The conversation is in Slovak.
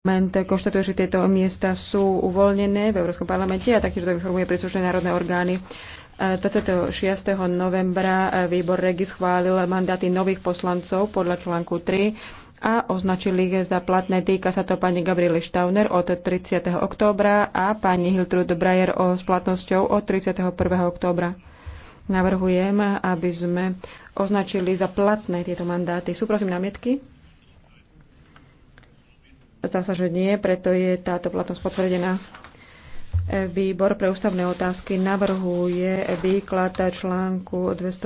Parlament konštatuje, že tieto miesta sú uvoľnené v Európskom parlamente a taktiež to informuje príslušné národné orgány. 26. novembra výbor Regi schválil mandáty nových poslancov podľa článku 3 a označil ich za platné. Týka sa to pani Gabriele Štauner od 30. októbra a pani Hiltrud Breyer o splatnosťou od 31. októbra. Navrhujem, aby sme označili za platné tieto mandáty. Sú prosím námietky? Zdá sa, že nie, preto je táto platnosť potvrdená. Výbor pre ústavné otázky navrhuje výklad článku 200